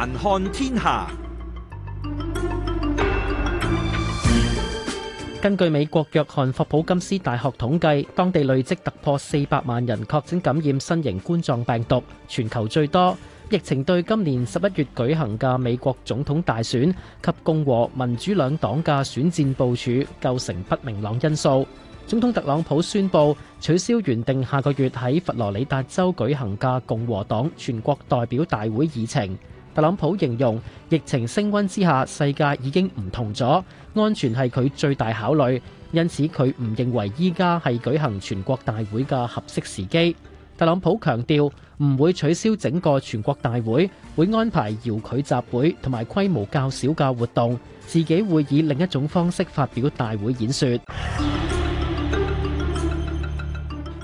環看天下。根據美國約翰霍普金斯大學統計，當地累積突破四百萬人確診感染新型冠狀病毒，全球最多。疫情對今年十一月舉行嘅美國總統大選及共和民主兩黨嘅選戰部署構成不明朗因素。總統特朗普宣布取消原定下個月喺佛羅里達州舉行嘅共和黨全國代表大會議程。特朗普形容疫情升溫之下，世界已經唔同咗，安全係佢最大考慮，因此佢唔認為依家係舉行全國大會嘅合適時機。特朗普強調唔會取消整個全國大會，會安排遙距集會同埋規模較小嘅活動，自己會以另一種方式發表大會演說。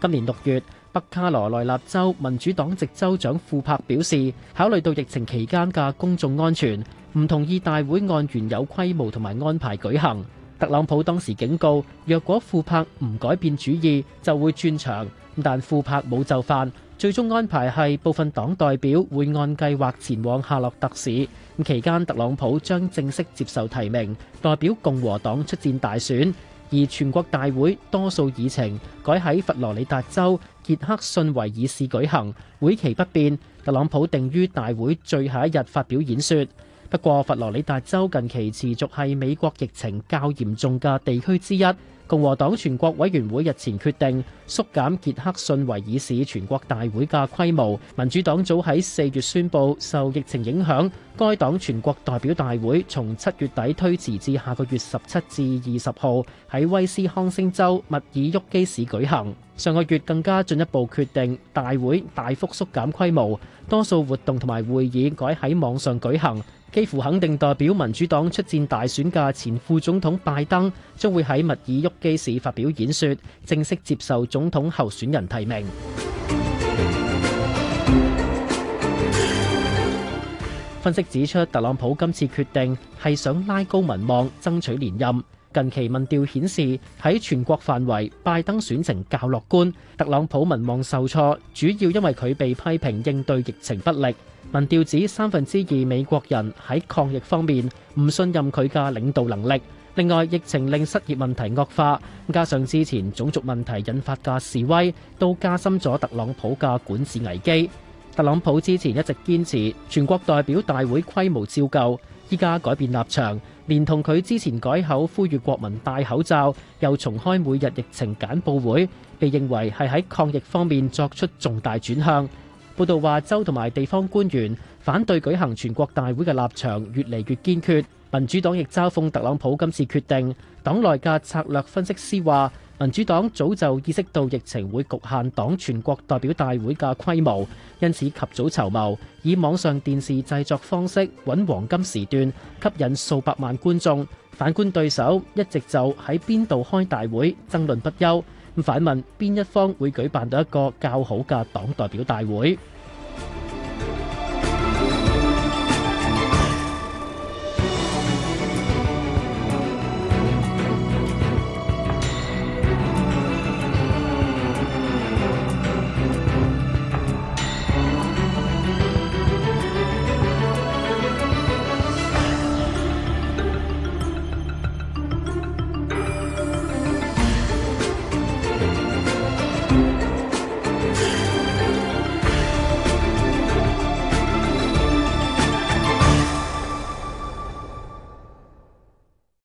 今年六月，北卡羅來納州民主黨籍州長庫柏表示，考慮到疫情期間嘅公眾安全，唔同意大會按原有規模同埋安排舉行。特朗普當時警告，若果庫柏唔改變主意，就會轉場，但庫柏冇就範，最終安排係部分黨代表會按計劃前往夏洛特市。咁期間特朗普將正式接受提名，代表共和黨出戰大選。而全國大會多數議程改喺佛羅里達州傑克遜維爾市舉行，會期不變。特朗普定於大會最後一日發表演說。不過，佛羅里達州近期持續係美國疫情較嚴重嘅地區之一。共和黨全國委員會日前決定縮減傑克遜維爾市全國大會嘅規模。民主黨早喺四月宣佈，受疫情影響，該黨全國代表大會從七月底推遲至下個月十七至二十號喺威斯康星州密爾沃基市舉行。上個月更加進一步決定，大會大幅縮減規模，多數活動同埋會議改喺網上舉行，幾乎肯定代表民主黨出戰大選嘅前副總統拜登將會喺密爾沃基市發表演說，正式接受總統候選人提名。分析指出，特朗普今次決定係想拉高民望，爭取連任。近期民調顯示，喺全國範圍，拜登選情較樂觀，特朗普民望受挫，主要因為佢被批評應對疫情不力。民調指，三分之二美國人喺抗疫方面唔信任佢嘅領導能力。另外，疫情令失業問題惡化，加上之前種族問題引發嘅示威，都加深咗特朗普嘅管治危機。特朗普之前一直堅持全國代表大會規模照舊，依家改變立場，連同佢之前改口呼籲國民戴口罩，又重開每日疫情簡報會，被認為係喺抗疫方面作出重大轉向。報道話，州同埋地方官員反對舉行全國大會嘅立場越嚟越堅決。民主黨亦嘲諷特朗普今次決定，黨內嘅策略分析師話：民主黨早就意識到疫情會局限黨全國代表大會嘅規模，因此及早籌謀，以網上電視製作方式揾黃金時段，吸引數百萬觀眾。反觀對手一直就喺邊度開大會爭論不休。咁反問，邊一方會舉辦到一個較好嘅黨代表大會？